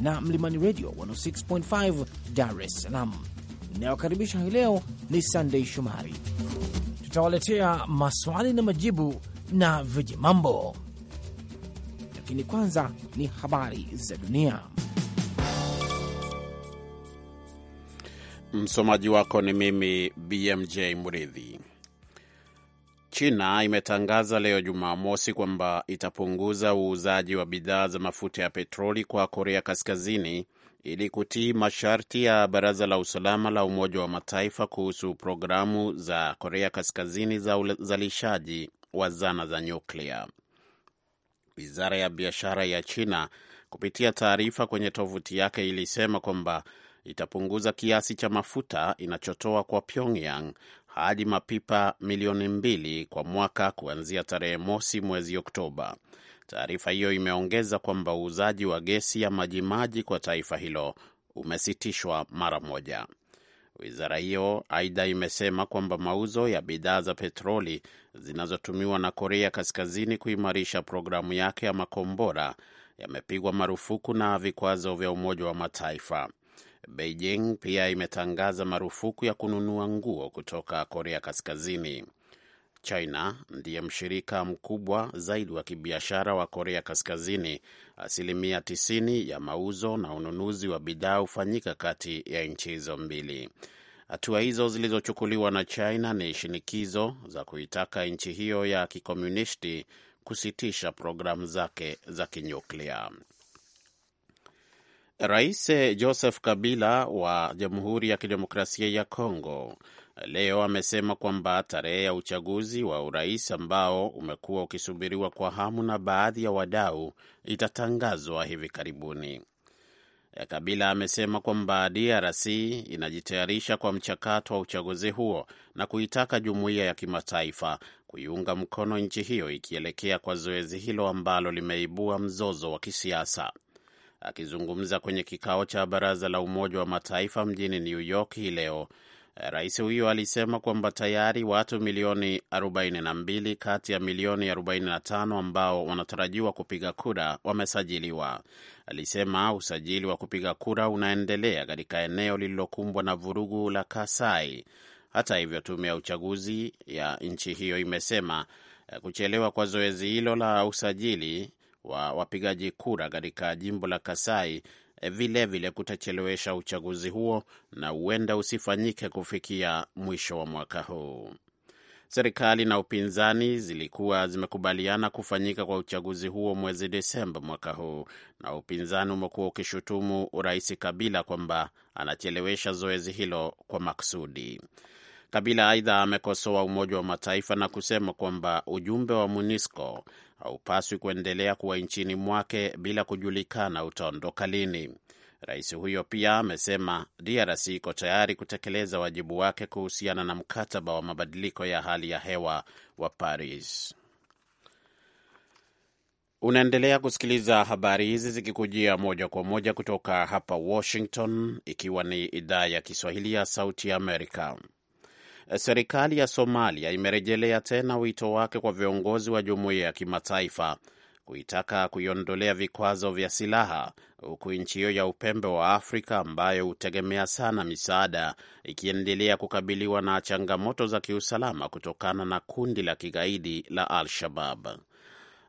na Mlimani Radio 106.5 Dar es Salaam. Inayokaribisha hii leo ni Sandei Shomari. Tutawaletea maswali na majibu na viji mambo, lakini kwanza ni habari za dunia. Msomaji wako ni mimi BMJ Mridhi. China imetangaza leo Jumamosi kwamba itapunguza uuzaji wa bidhaa za mafuta ya petroli kwa Korea Kaskazini ili kutii masharti ya Baraza la Usalama la Umoja wa Mataifa kuhusu programu za Korea Kaskazini za uzalishaji wa zana za nyuklia. Wizara ya biashara ya China kupitia taarifa kwenye tovuti yake ilisema kwamba itapunguza kiasi cha mafuta inachotoa kwa Pyongyang hadi mapipa milioni mbili kwa mwaka kuanzia tarehe mosi mwezi Oktoba. Taarifa hiyo imeongeza kwamba uuzaji wa gesi ya majimaji kwa taifa hilo umesitishwa mara moja. Wizara hiyo aidha imesema kwamba mauzo ya bidhaa za petroli zinazotumiwa na Korea Kaskazini kuimarisha programu yake ya makombora yamepigwa marufuku na vikwazo vya Umoja wa Mataifa. Beijing pia imetangaza marufuku ya kununua nguo kutoka Korea Kaskazini. China ndiye mshirika mkubwa zaidi wa kibiashara wa Korea Kaskazini. Asilimia 90 ya mauzo na ununuzi wa bidhaa hufanyika kati ya nchi hizo mbili. Hatua hizo zilizochukuliwa na China ni shinikizo za kuitaka nchi hiyo ya kikomunisti kusitisha programu zake za kinyuklia. Rais Joseph Kabila wa Jamhuri ya Kidemokrasia ya Kongo leo amesema kwamba tarehe ya uchaguzi wa urais ambao umekuwa ukisubiriwa kwa hamu na baadhi ya wadau itatangazwa hivi karibuni. Kabila amesema kwamba DRC inajitayarisha kwa mchakato wa uchaguzi huo na kuitaka jumuiya ya kimataifa kuiunga mkono nchi hiyo ikielekea kwa zoezi hilo ambalo limeibua mzozo wa kisiasa. Akizungumza kwenye kikao cha baraza la Umoja wa Mataifa mjini New York hii leo, rais huyo alisema kwamba tayari watu milioni 42 kati ya milioni 45 ambao wanatarajiwa kupiga kura wamesajiliwa. Alisema usajili wa kupiga kura unaendelea katika eneo lililokumbwa na vurugu la Kasai. Hata hivyo, tume ya uchaguzi ya nchi hiyo imesema eh, kuchelewa kwa zoezi hilo la usajili wa wapigaji kura katika jimbo la Kasai vilevile eh, vile kutachelewesha uchaguzi huo na huenda usifanyike kufikia mwisho wa mwaka huu. Serikali na upinzani zilikuwa zimekubaliana kufanyika kwa uchaguzi huo mwezi Desemba mwaka huu, na upinzani umekuwa ukishutumu Rais Kabila kwamba anachelewesha zoezi hilo kwa maksudi. Kabila aidha amekosoa Umoja wa Mataifa na kusema kwamba ujumbe wa MONUSCO haupaswi kuendelea kuwa nchini mwake bila kujulikana utaondoka lini. Rais huyo pia amesema DRC iko tayari kutekeleza wajibu wake kuhusiana na mkataba wa mabadiliko ya hali ya hewa wa Paris. Unaendelea kusikiliza habari hizi zikikujia moja kwa moja kutoka hapa Washington, ikiwa ni idhaa ya Kiswahili ya Sauti ya Amerika. Eh, serikali ya Somalia imerejelea tena wito wake kwa viongozi wa jumuiya ya kimataifa kuitaka kuiondolea vikwazo vya silaha huku nchi hiyo ya upembe wa Afrika ambayo hutegemea sana misaada ikiendelea kukabiliwa na changamoto za kiusalama kutokana na kundi la kigaidi la Al-Shabab.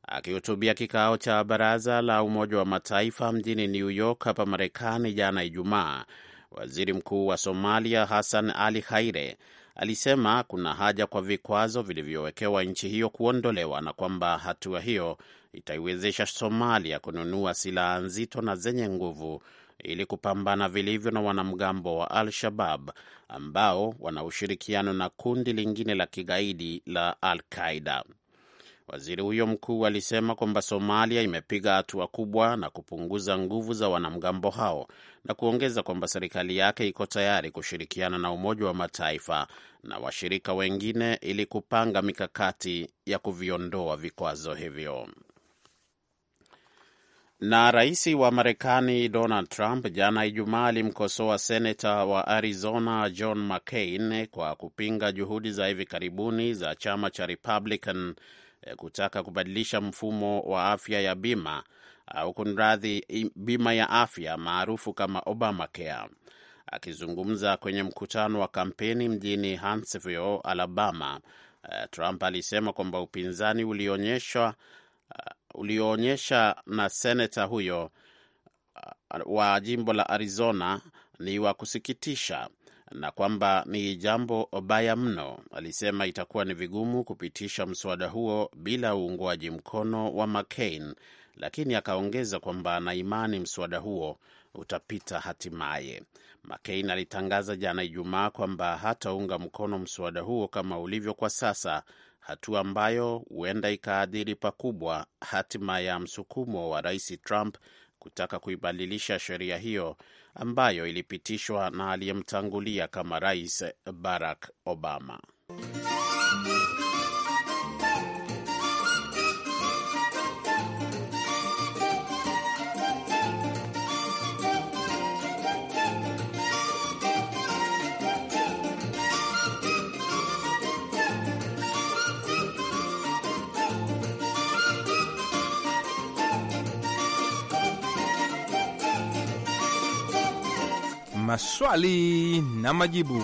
Akihutubia kikao cha baraza la Umoja wa Mataifa mjini New York hapa Marekani jana Ijumaa, waziri mkuu wa Somalia Hassan Ali Haire alisema kuna haja kwa vikwazo vilivyowekewa nchi hiyo kuondolewa na kwamba hatua hiyo itaiwezesha Somalia kununua silaha nzito na zenye nguvu ili kupambana vilivyo na wanamgambo wa Al-Shabab ambao wana ushirikiano na kundi lingine la kigaidi la Al-Qaida. Waziri huyo mkuu alisema kwamba Somalia imepiga hatua kubwa na kupunguza nguvu za wanamgambo hao na kuongeza kwamba serikali yake iko tayari kushirikiana na Umoja wa Mataifa na washirika wengine ili kupanga mikakati ya kuviondoa vikwazo hivyo. Na rais wa Marekani Donald Trump jana Ijumaa alimkosoa senata wa Arizona John McCain kwa kupinga juhudi za hivi karibuni za chama cha Republican Eh, kutaka kubadilisha mfumo wa afya ya bima au kunradhi, bima ya afya maarufu kama Obamacare. Akizungumza kwenye mkutano wa kampeni mjini Huntsville, Alabama, eh, Trump alisema kwamba upinzani ulioonyesha eh, na seneta huyo wa jimbo la Arizona ni wa kusikitisha na kwamba ni jambo baya mno. Alisema itakuwa ni vigumu kupitisha mswada huo bila uungwaji mkono wa McCain, lakini akaongeza kwamba ana imani mswada huo utapita hatimaye. McCain alitangaza jana Ijumaa kwamba hataunga mkono mswada huo kama ulivyo kwa sasa, hatua ambayo huenda ikaathiri pakubwa hatima ya msukumo wa rais Trump kutaka kuibadilisha sheria hiyo ambayo ilipitishwa na aliyemtangulia kama rais Barack Obama. maswali na majibu.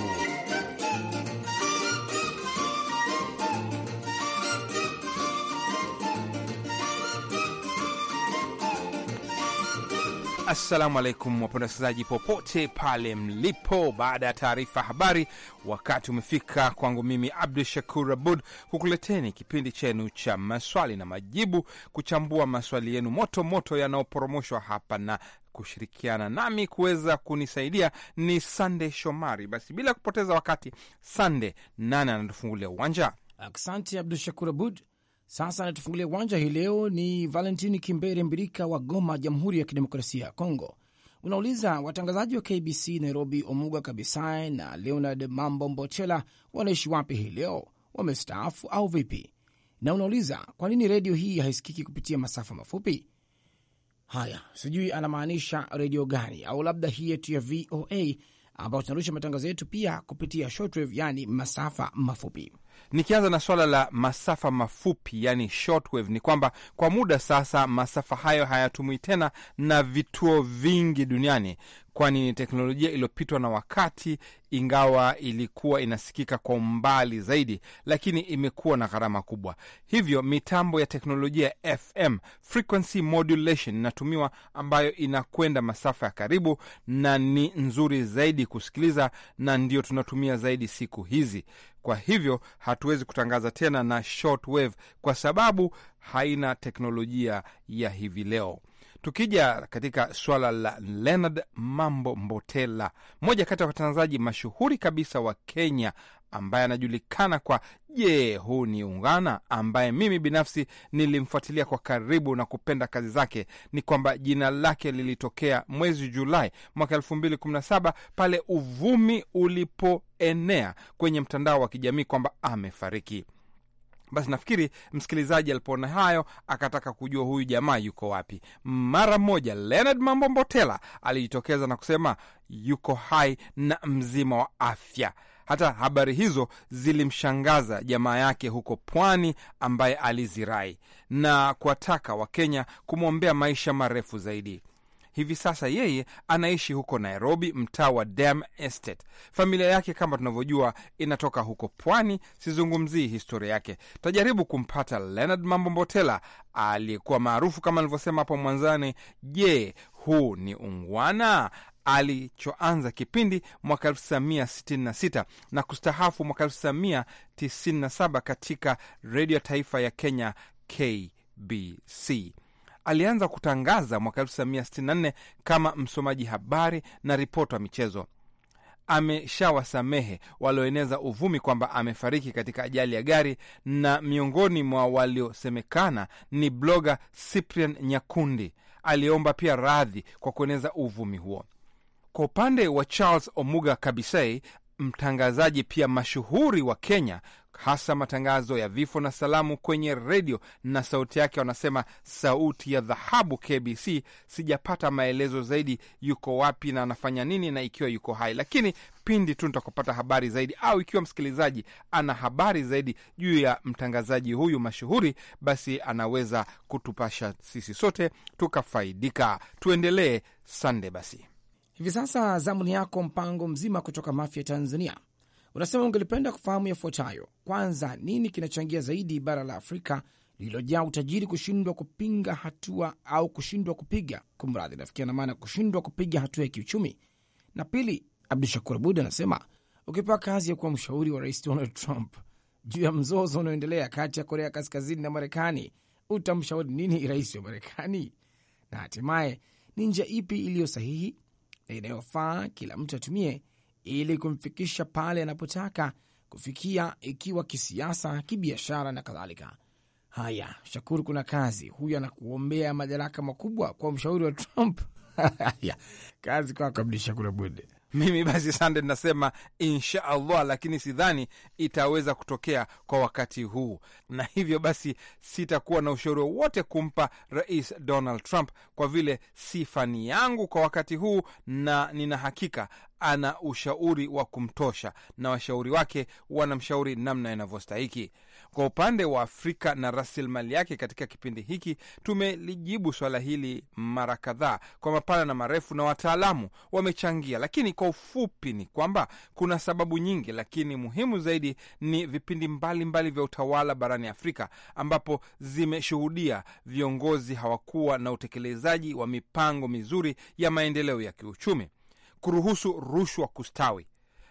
Assalamu alaikum wapenda wasikilizaji popote pale mlipo. Baada ya taarifa habari, wakati umefika kwangu mimi Abdu Shakur Abud kukuleteni kipindi chenu cha maswali na majibu, kuchambua maswali yenu moto moto yanayoporomoshwa hapa na kushirikiana nami kuweza kunisaidia ni Sande Shomari. Basi bila kupoteza wakati, Sande nane anatufungulia uwanja. Asante Abdu Shakur Abud. Sasa anatufungulia uwanja hii leo ni Valentini Kimbere Mbirika wa Goma, Jamhuri ya Kidemokrasia ya Kongo. Unauliza, watangazaji wa KBC Nairobi, Omuga Kabisai na Leonard Mambo Mbochela wanaishi wapi hii leo? Wamestaafu au vipi? Na unauliza kwa nini redio hii haisikiki kupitia masafa mafupi? Haya, sijui anamaanisha redio gani, au labda hii yetu ya VOA ambayo tunarusha matangazo yetu pia kupitia shortwave, yani masafa mafupi. Nikianza na swala la masafa mafupi, yani shortwave, ni kwamba kwa muda sasa masafa hayo hayatumii tena na vituo vingi duniani kwani ni teknolojia iliyopitwa na wakati, ingawa ilikuwa inasikika kwa umbali zaidi, lakini imekuwa na gharama kubwa. Hivyo mitambo ya teknolojia ya FM, frequency modulation, inatumiwa ambayo inakwenda masafa ya karibu na ni nzuri zaidi kusikiliza, na ndiyo tunatumia zaidi siku hizi. Kwa hivyo hatuwezi kutangaza tena na shortwave kwa sababu haina teknolojia ya hivi leo. Tukija katika swala la Leonard Mambo Mbotela, mmoja kati ya watangazaji mashuhuri kabisa wa Kenya ambaye anajulikana kwa Je, huu ni ungana, ambaye mimi binafsi nilimfuatilia kwa karibu na kupenda kazi zake, ni kwamba jina lake lilitokea mwezi Julai mwaka elfu mbili kumi na saba pale uvumi ulipoenea kwenye mtandao wa kijamii kwamba amefariki. Basi nafikiri msikilizaji alipoona hayo akataka kujua huyu jamaa yuko wapi. Mara mmoja Leonard Mambo Mbotela alijitokeza na kusema yuko hai na mzima wa afya. Hata habari hizo zilimshangaza jamaa yake huko Pwani, ambaye alizirai na kuwataka Wakenya kumwombea maisha marefu zaidi. Hivi sasa yeye anaishi huko Nairobi, mtaa wa Dam Estate. Familia yake kama tunavyojua inatoka huko pwani. Sizungumzii historia yake. Tajaribu kumpata Leonard Mambo Mbotela aliyekuwa maarufu kama alivyosema hapo mwanzani. Je, huu ni ungwana? Alichoanza kipindi mwaka 1966 na kustahafu mwaka 1997 katika redio taifa ya Kenya, KBC alianza kutangaza mwaka 1964 kama msomaji habari na ripota wa michezo. Ameshawasamehe walioeneza uvumi kwamba amefariki katika ajali ya gari, na miongoni mwa waliosemekana ni bloga Cyprian Nyakundi aliyeomba pia radhi kwa kueneza uvumi huo. Kwa upande wa Charles Omuga Kabisei, mtangazaji pia mashuhuri wa Kenya hasa matangazo ya vifo na salamu kwenye redio na sauti yake, wanasema sauti ya dhahabu KBC. Sijapata maelezo zaidi yuko wapi na anafanya nini na ikiwa yuko hai, lakini pindi tu ntakupata habari zaidi au ikiwa msikilizaji ana habari zaidi juu ya mtangazaji huyu mashuhuri, basi anaweza kutupasha sisi sote tukafaidika. Tuendelee sande. Basi hivi sasa zamuni yako mpango mzima kutoka Mafia Tanzania unasema ungelipenda kufahamu yafuatayo. Kwanza, nini kinachangia zaidi bara la Afrika lililojaa utajiri kushindwa kupinga hatua au kushindwa kupiga kumradhi, nafikia na maana kushindwa kupiga hatua ya kiuchumi. Na pili, Abdu Shakur Abud anasema ukipewa kazi ya kuwa mshauri wa Rais Donald Trump juu ya mzozo unaoendelea kati ya Korea Kaskazini na Marekani, utamshauri nini rais wa Marekani? Na hatimaye ni njia ipi iliyo sahihi na inayofaa kila mtu atumie ili kumfikisha pale anapotaka kufikia, ikiwa kisiasa, kibiashara na kadhalika. Haya, Shakuru, kuna kazi. Huyu anakuombea madaraka makubwa kwa mshauri wa Trump. Haya, kazi kwako Abdishakur Abud. Mimi basi sande, nasema insha Allah, lakini sidhani itaweza kutokea kwa wakati huu, na hivyo basi sitakuwa na ushauri wowote kumpa Rais Donald Trump kwa vile sifa ni yangu kwa wakati huu, na nina hakika ana ushauri wa kumtosha na washauri wake wanamshauri namna inavyostahiki. Kwa upande wa Afrika na rasilimali yake, katika kipindi hiki tumelijibu swala hili mara kadhaa kwa mapana na marefu, na wataalamu wamechangia, lakini kwa ufupi ni kwamba kuna sababu nyingi, lakini muhimu zaidi ni vipindi mbalimbali mbali vya utawala barani Afrika ambapo zimeshuhudia viongozi hawakuwa na utekelezaji wa mipango mizuri ya maendeleo ya kiuchumi kuruhusu rushwa kustawi.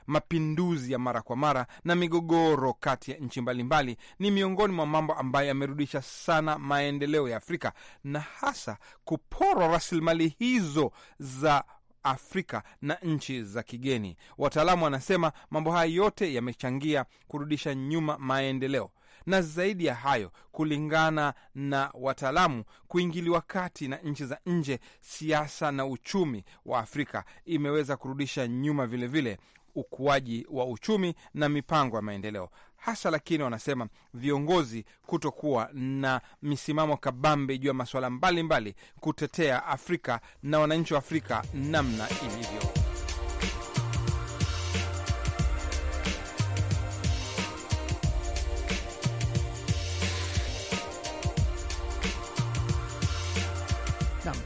Mapinduzi ya mara kwa mara na migogoro kati ya nchi mbalimbali ni miongoni mwa mambo ambayo yamerudisha sana maendeleo ya Afrika na hasa kuporwa rasilimali hizo za Afrika na nchi za kigeni. Wataalamu wanasema mambo haya yote yamechangia kurudisha nyuma maendeleo na zaidi ya hayo, kulingana na wataalamu, kuingiliwa kati na nchi za nje, siasa na uchumi wa Afrika imeweza kurudisha nyuma vilevile vile ukuaji wa uchumi na mipango ya maendeleo hasa. Lakini wanasema viongozi kutokuwa na misimamo kabambe juu ya masuala mbalimbali, kutetea Afrika na wananchi wa Afrika namna ilivyo.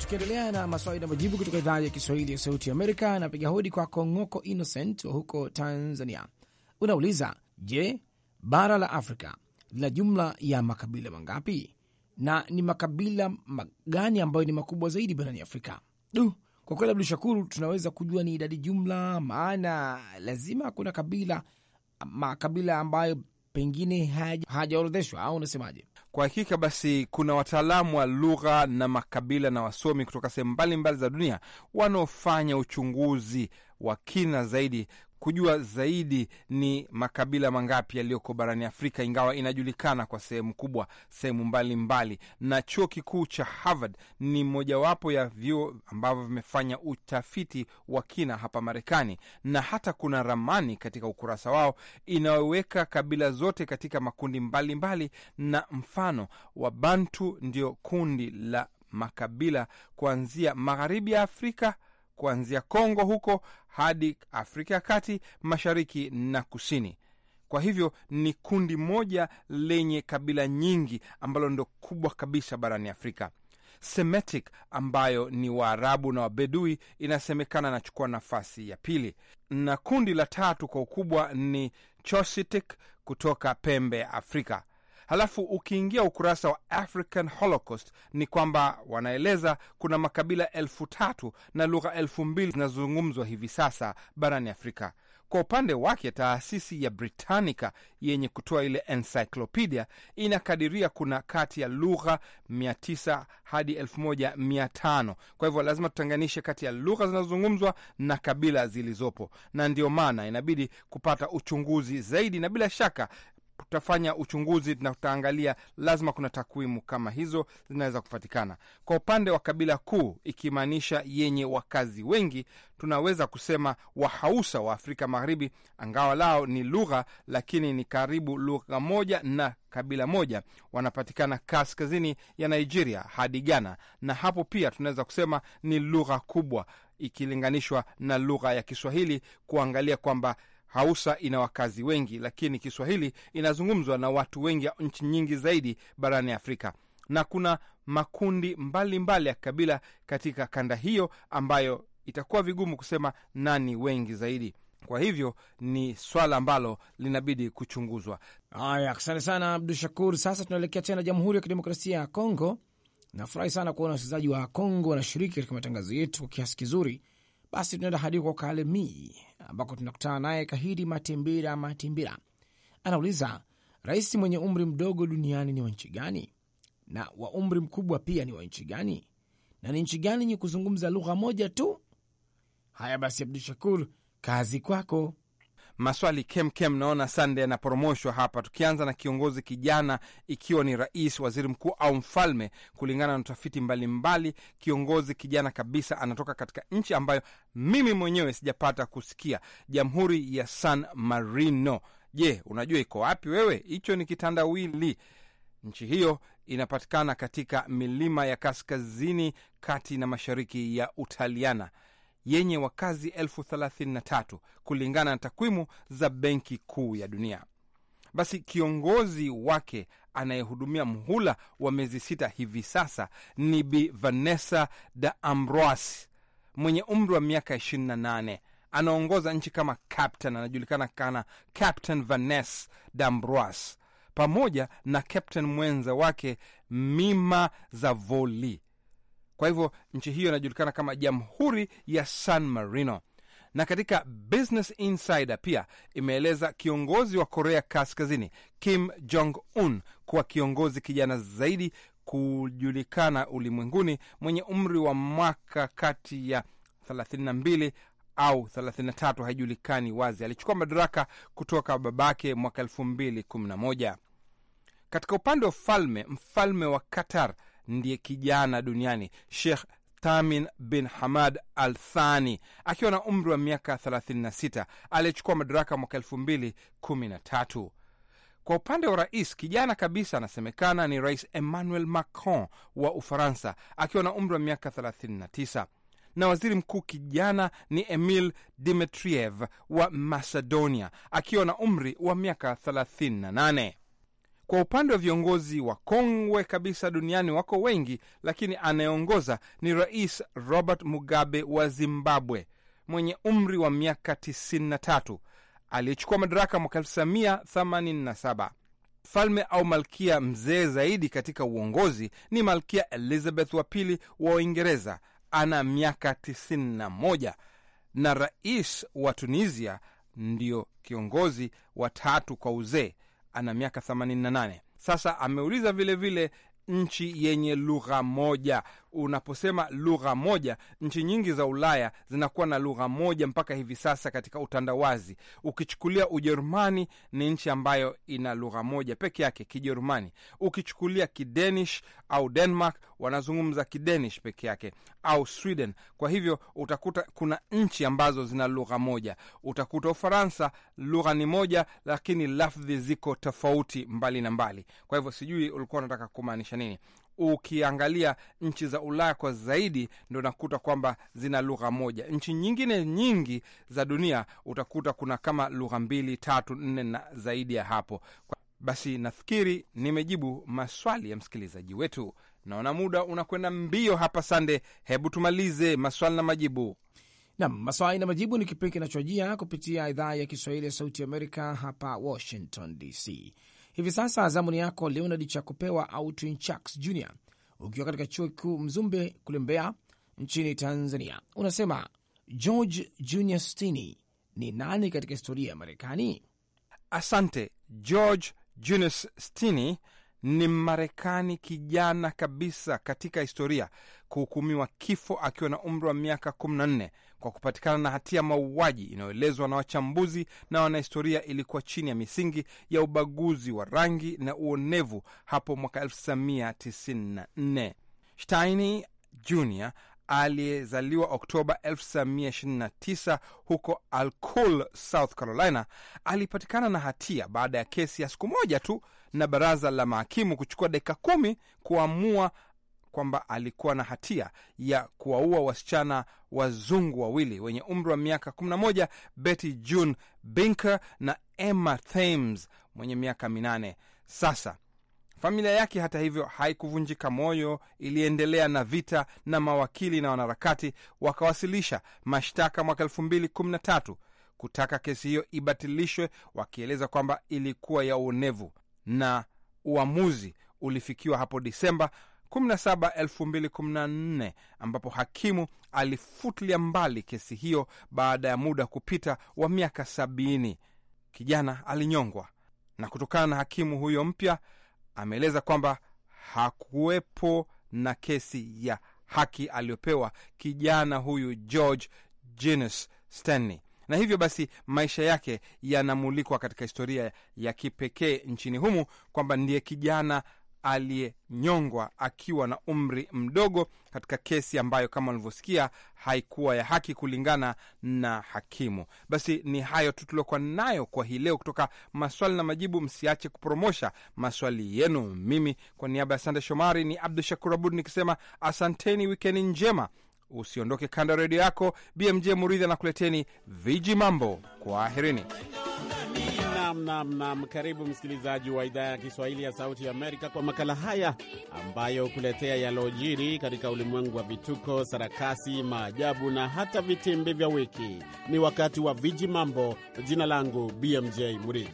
Tukiendelea na maswali na majibu kutoka idhaa ya Kiswahili ya Sauti Amerika, napiga hodi kwako Ng'oko Innocent wa huko Tanzania. Unauliza, je, bara la Afrika lina jumla ya makabila mangapi na ni makabila gani ambayo ni makubwa zaidi barani Afrika? Du, kwa kweli Abdu Shakuru, tunaweza kujua ni idadi jumla? Maana lazima kuna kabila makabila ambayo pengine hajaorodheshwa haja, au unasemaje? Kwa hakika basi, kuna wataalamu wa lugha na makabila na wasomi kutoka sehemu mbalimbali za dunia wanaofanya uchunguzi wa kina zaidi kujua zaidi ni makabila mangapi yaliyoko barani Afrika, ingawa inajulikana kwa sehemu kubwa, sehemu mbalimbali. Na chuo kikuu cha Harvard ni mojawapo ya vyuo ambavyo vimefanya utafiti wa kina hapa Marekani, na hata kuna ramani katika ukurasa wao inayoweka kabila zote katika makundi mbalimbali mbali, na mfano wa Bantu ndio kundi la makabila kuanzia magharibi ya Afrika kuanzia Kongo huko hadi Afrika ya Kati, mashariki na kusini. Kwa hivyo ni kundi moja lenye kabila nyingi ambalo ndo kubwa kabisa barani Afrika. Semitic ambayo ni Waarabu na Wabedui inasemekana anachukua nafasi ya pili, na kundi la tatu kwa ukubwa ni Chositic kutoka pembe ya Afrika. Halafu ukiingia ukurasa wa African Holocaust ni kwamba wanaeleza kuna makabila elfu tatu na lugha elfu mbili zinazozungumzwa hivi sasa barani Afrika. Kwa upande wake taasisi ya Britannica yenye kutoa ile encyclopedia inakadiria kuna kati ya lugha 900 hadi 1500. Kwa hivyo lazima tutenganishe kati ya lugha zinazozungumzwa na kabila zilizopo, na ndio maana inabidi kupata uchunguzi zaidi, na bila shaka tutafanya uchunguzi na tutaangalia, lazima kuna takwimu kama hizo zinaweza kupatikana. Kwa upande wa kabila kuu, ikimaanisha yenye wakazi wengi, tunaweza kusema Wahausa wa Afrika Magharibi, angawa lao ni lugha, lakini ni karibu lugha moja na kabila moja. Wanapatikana kaskazini ya Nigeria hadi Ghana, na hapo pia tunaweza kusema ni lugha kubwa ikilinganishwa na lugha ya Kiswahili, kuangalia kwamba Hausa ina wakazi wengi, lakini Kiswahili inazungumzwa na watu wengi ya nchi nyingi zaidi barani Afrika, na kuna makundi mbalimbali mbali ya kabila katika kanda hiyo ambayo itakuwa vigumu kusema nani wengi zaidi. Kwa hivyo ni swala ambalo linabidi kuchunguzwa. Haya, asante sana Abdu Shakur. Sasa tunaelekea tena Jamhuri ya Kidemokrasia ya Kongo. Nafurahi sana kuona wasikilizaji wa Kongo wanashiriki katika matangazo yetu kwa kiasi kizuri. Basi tunaenda hadi kwa Kalemie ambako tunakutana naye Kahidi Matimbira Matimbira. Anauliza, rais mwenye umri mdogo duniani ni wa nchi gani na wa umri mkubwa pia ni wa nchi gani, na ni nchi gani yenye kuzungumza lugha moja tu? Haya basi, Abdu Shakur, kazi kwako maswali kemkem kem. Naona Sande yanaporomoshwa hapa, tukianza na kiongozi kijana, ikiwa ni rais, waziri mkuu au mfalme. Kulingana na utafiti mbalimbali, kiongozi kijana kabisa anatoka katika nchi ambayo mimi mwenyewe sijapata kusikia, Jamhuri ya San Marino. Je, unajua iko wapi wewe? Hicho ni kitandawili. Nchi hiyo inapatikana katika milima ya kaskazini kati na mashariki ya Utaliana yenye wakazi elfu 33 kulingana na takwimu za Benki Kuu ya Dunia. Basi kiongozi wake anayehudumia mhula wa miezi sita hivi sasa ni Bi Vanessa de Ambroise mwenye umri wa miaka 28 anaongoza nchi kama captain, anajulikana kana Captain Vanessa D'Ambroise pamoja na captain mwenza wake Mima Zavoli kwa hivyo nchi hiyo inajulikana kama Jamhuri ya San Marino. Na katika Business Insider pia imeeleza kiongozi wa Korea Kaskazini Kim Jong Un kuwa kiongozi kijana zaidi kujulikana ulimwenguni mwenye umri wa mwaka kati ya 32 au 33, haijulikani wazi. Alichukua madaraka kutoka babake mwaka 2011. Katika upande wa falme, mfalme wa Qatar ndiye kijana duniani. Sheikh Tamin bin Hamad Al Thani akiwa na umri wa miaka 36 aliyechukua madaraka mwaka 2013. Kwa upande wa rais, kijana kabisa anasemekana ni Rais Emmanuel Macron wa Ufaransa akiwa na umri wa miaka 39 na waziri mkuu kijana ni Emil Dimitriev wa Macedonia akiwa na umri wa miaka 38. Kwa upande wa viongozi wa kongwe kabisa duniani wako wengi, lakini anayeongoza ni Rais Robert Mugabe wa Zimbabwe mwenye umri wa miaka 93 aliyechukua madaraka mwaka 1987. Mfalme au malkia mzee zaidi katika uongozi ni Malkia Elizabeth wa pili wa Uingereza, ana miaka 91, na rais wa Tunisia ndio kiongozi wa tatu kwa uzee ana miaka 88. Sasa ameuliza vilevile nchi yenye lugha moja unaposema lugha moja, nchi nyingi za Ulaya zinakuwa na lugha moja mpaka hivi sasa katika utandawazi. Ukichukulia Ujerumani ni nchi ambayo ina lugha moja peke yake, Kijerumani. Ukichukulia kidenish au Denmark wanazungumza kidenish peke yake, au Sweden. Kwa hivyo utakuta kuna nchi ambazo zina lugha moja. Utakuta Ufaransa lugha ni moja, lakini lafdhi ziko tofauti mbali na mbali. Kwa hivyo sijui ulikuwa unataka kumaanisha nini ukiangalia nchi za Ulaya kwa zaidi, ndo unakuta kwamba zina lugha moja. Nchi nyingine nyingi za dunia utakuta kuna kama lugha mbili, tatu, nne na zaidi ya hapo. Basi nafikiri nimejibu maswali ya msikilizaji wetu. Naona muda unakwenda mbio hapa, Sande. Hebu tumalize maswali na majibu. Nam, maswali na majibu ni kipindi kinachojia kupitia idhaa ya Kiswahili ya Sauti Amerika hapa Washington DC. Hivi sasa zamuni yako Leonard Chakupewa au Twinchax Jr, ukiwa katika chuo kikuu Mzumbe kule Mbeya nchini Tanzania, unasema George Junior Stini ni nani katika historia ya Marekani? Asante. George Junius Stini ni Marekani kijana kabisa katika historia kuhukumiwa kifo akiwa na umri wa miaka 14 kwa kupatikana na hatia mauaji inayoelezwa na wachambuzi na wanahistoria ilikuwa chini ya misingi ya ubaguzi wa rangi na uonevu hapo mwaka 1994. Steini Jr aliyezaliwa Oktoba 1929 huko Alcool, South Carolina, alipatikana na hatia baada ya kesi ya siku moja tu na baraza la mahakimu kuchukua dakika kumi kuamua kwamba alikuwa na hatia ya kuwaua wasichana wazungu wawili wenye umri wa miaka 11, Betty June Binker na Emma Thames mwenye miaka minane. Sasa familia yake, hata hivyo, haikuvunjika moyo, iliendelea na vita na mawakili na wanaharakati wakawasilisha mashtaka mwaka tatu kutaka kesi hiyo ibatilishwe, wakieleza kwamba ilikuwa ya uonevu na uamuzi ulifikiwa hapo Disemba 17, 2014 ambapo hakimu alifutilia mbali kesi hiyo baada ya muda kupita wa miaka 70. Kijana alinyongwa, na kutokana na hakimu huyo mpya ameeleza kwamba hakuwepo na kesi ya haki aliyopewa kijana huyu George Junius Stanley, na hivyo basi maisha yake yanamulikwa katika historia ya kipekee nchini humu kwamba ndiye kijana aliyenyongwa akiwa na umri mdogo katika kesi ambayo kama ulivyosikia haikuwa ya haki kulingana na hakimu. Basi ni hayo tu tuliokuwa nayo kwa hii leo kutoka maswali na majibu. Msiache kupromosha maswali yenu. Mimi kwa niaba ya Sande Shomari ni Abdu Shakur Abud nikisema asanteni, wikendi njema. Usiondoke kando ya redio yako. BMJ Muridhi anakuleteni viji mambo. Kwaherini. Nam, nam, nam. Karibu msikilizaji wa idhaa ya Kiswahili ya Sauti ya Amerika kwa makala haya ambayo kuletea yalojiri katika ulimwengu wa vituko, sarakasi, maajabu na hata vitimbi vya wiki. Ni wakati wa viji mambo. Jina langu BMJ Muridi.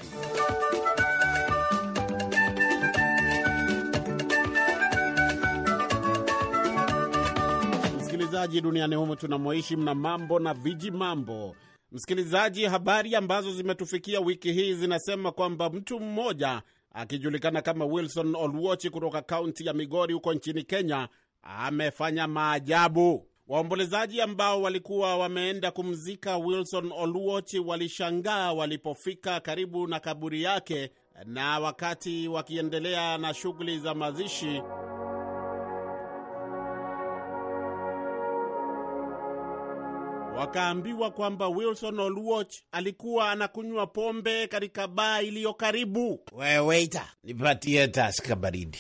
Msikilizaji, duniani humu tunamoishi mna mambo na viji mambo Msikilizaji, habari ambazo zimetufikia wiki hii zinasema kwamba mtu mmoja akijulikana kama Wilson Olwochi kutoka kaunti ya Migori huko nchini Kenya amefanya maajabu. Waombolezaji ambao walikuwa wameenda kumzika Wilson olwochi walishangaa walipofika karibu na kaburi yake, na wakati wakiendelea na shughuli za mazishi Wakaambiwa kwamba Wilson Oluoch alikuwa anakunywa pombe katika baa iliyo karibu. We waiter, nipatie taska baridi.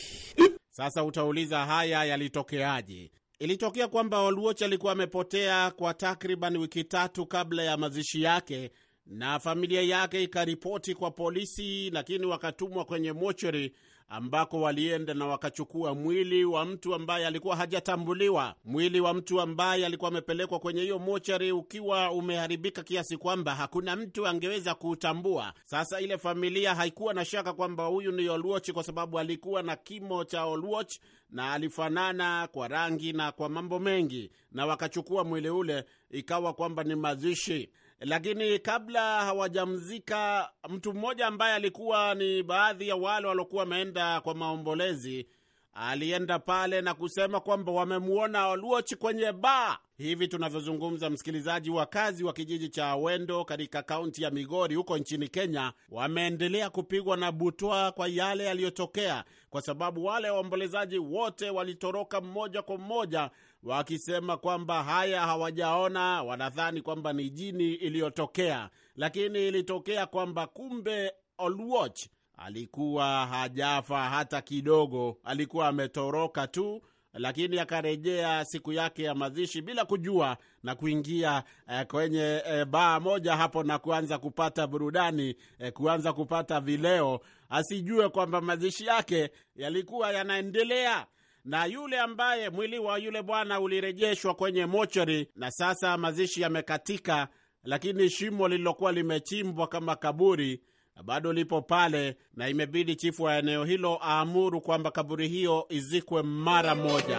Sasa utauliza haya yalitokeaje? Ilitokea kwamba Oluoch alikuwa amepotea kwa takriban wiki tatu kabla ya mazishi yake, na familia yake ikaripoti kwa polisi, lakini wakatumwa kwenye mochari ambako walienda na wakachukua mwili wa mtu ambaye alikuwa hajatambuliwa, mwili wa mtu ambaye alikuwa amepelekwa kwenye hiyo mochari ukiwa umeharibika kiasi kwamba hakuna mtu angeweza kuutambua. Sasa ile familia haikuwa na shaka kwamba huyu ni Oluoch kwa sababu alikuwa na kimo cha Oluoch na alifanana kwa rangi na kwa mambo mengi, na wakachukua mwili ule, ikawa kwamba ni mazishi. Lakini kabla hawajamzika, mtu mmoja ambaye alikuwa ni baadhi ya wale waliokuwa wameenda kwa maombolezi alienda pale na kusema kwamba wamemwona Oluoch kwenye baa. Hivi tunavyozungumza, msikilizaji, wakazi wa kijiji cha Awendo katika kaunti ya Migori huko nchini Kenya wameendelea kupigwa na butwa kwa yale yaliyotokea, kwa sababu wale waombolezaji wote walitoroka mmoja kwa mmoja wakisema kwamba haya hawajaona, wanadhani kwamba ni jini iliyotokea, lakini ilitokea kwamba kumbe Olwach alikuwa hajafa hata kidogo, alikuwa ametoroka tu lakini akarejea siku yake ya mazishi bila kujua na kuingia eh, kwenye eh, baa moja hapo na kuanza kupata burudani eh, kuanza kupata vileo, asijue kwamba mazishi yake yalikuwa yanaendelea na yule ambaye mwili wa yule bwana ulirejeshwa kwenye mochari, na sasa mazishi yamekatika, lakini shimo lililokuwa limechimbwa kama kaburi bado lipo pale, na imebidi chifu wa eneo hilo aamuru kwamba kaburi hiyo izikwe mara moja.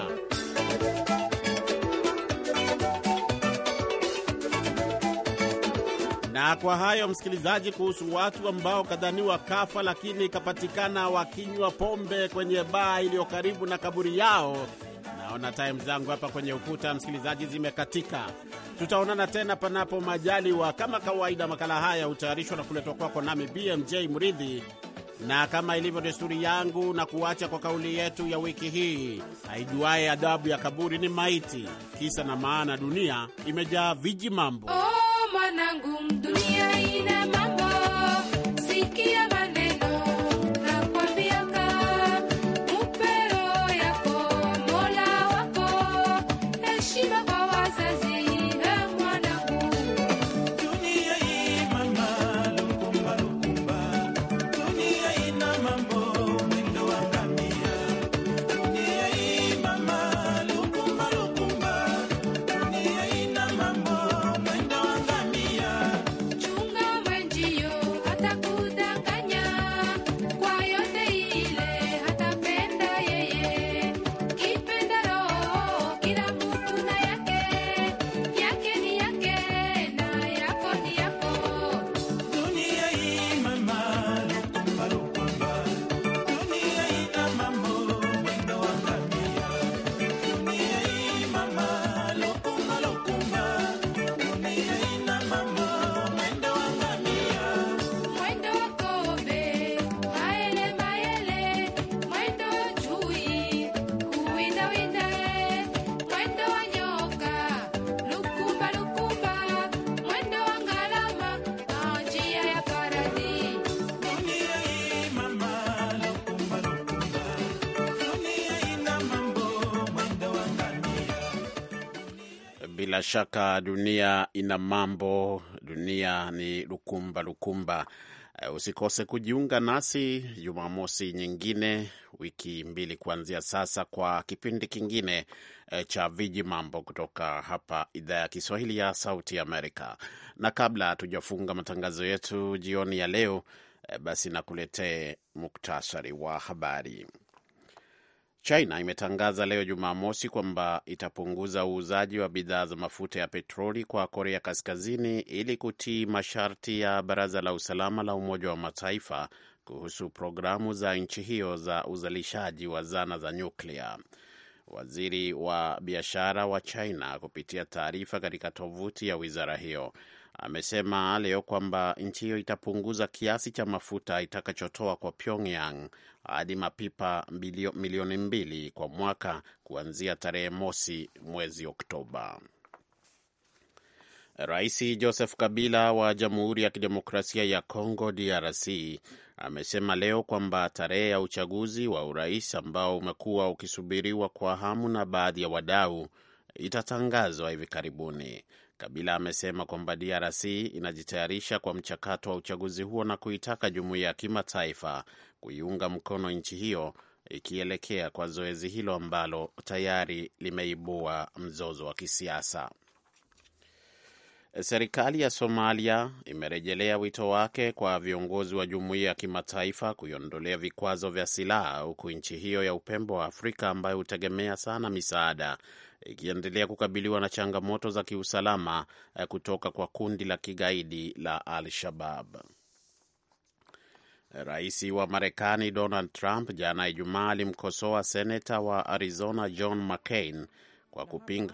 Na kwa hayo, msikilizaji, kuhusu watu ambao kadhaniwa kafa lakini ikapatikana wakinywa pombe kwenye baa iliyo karibu na kaburi yao. Naona time zangu hapa kwenye ukuta, msikilizaji, zimekatika. Tutaonana tena panapo majaliwa. Kama kawaida, makala haya hutayarishwa na kuletwa kwako nami BMJ Mridhi, na kama ilivyo desturi yangu, na kuacha kwa kauli yetu ya wiki hii, aijuaye adabu ya kaburi ni maiti. Kisa na maana, dunia imejaa viji mambo. Oh, mwanangu Bila shaka dunia ina mambo, dunia ni lukumba lukumba. Eh, usikose kujiunga nasi Jumamosi nyingine wiki mbili kuanzia sasa, kwa kipindi kingine eh, cha viji mambo kutoka hapa idhaa ya Kiswahili ya Sauti Amerika. Na kabla hatujafunga matangazo yetu jioni ya leo, eh, basi nakuletee muktasari wa habari. China imetangaza leo Jumamosi kwamba itapunguza uuzaji wa bidhaa za mafuta ya petroli kwa Korea Kaskazini ili kutii masharti ya Baraza la Usalama la Umoja wa Mataifa kuhusu programu za nchi hiyo za uzalishaji wa zana za nyuklia. Waziri wa biashara wa China kupitia taarifa katika tovuti ya wizara hiyo amesema leo kwamba nchi hiyo itapunguza kiasi cha mafuta itakachotoa kwa Pyongyang hadi mapipa milioni mbili kwa mwaka kuanzia tarehe mosi mwezi Oktoba. Rais Joseph Kabila wa Jamhuri ya Kidemokrasia ya Kongo DRC amesema leo kwamba tarehe ya uchaguzi wa urais ambao umekuwa ukisubiriwa kwa hamu na baadhi ya wadau itatangazwa hivi karibuni. Kabila amesema kwamba DRC inajitayarisha kwa mchakato wa uchaguzi huo na kuitaka jumuiya ya kimataifa kuiunga mkono nchi hiyo ikielekea kwa zoezi hilo ambalo tayari limeibua mzozo wa kisiasa. Serikali ya Somalia imerejelea wito wake kwa viongozi wa jumuiya ya kimataifa kuiondolea vikwazo vya silaha, huku nchi hiyo ya upembo wa Afrika ambayo hutegemea sana misaada ikiendelea kukabiliwa na changamoto za kiusalama eh, kutoka kwa kundi la kigaidi la Al-Shabab. Rais wa Marekani Donald Trump jana Ijumaa alimkosoa seneta wa Arizona John McCain kwa kupinga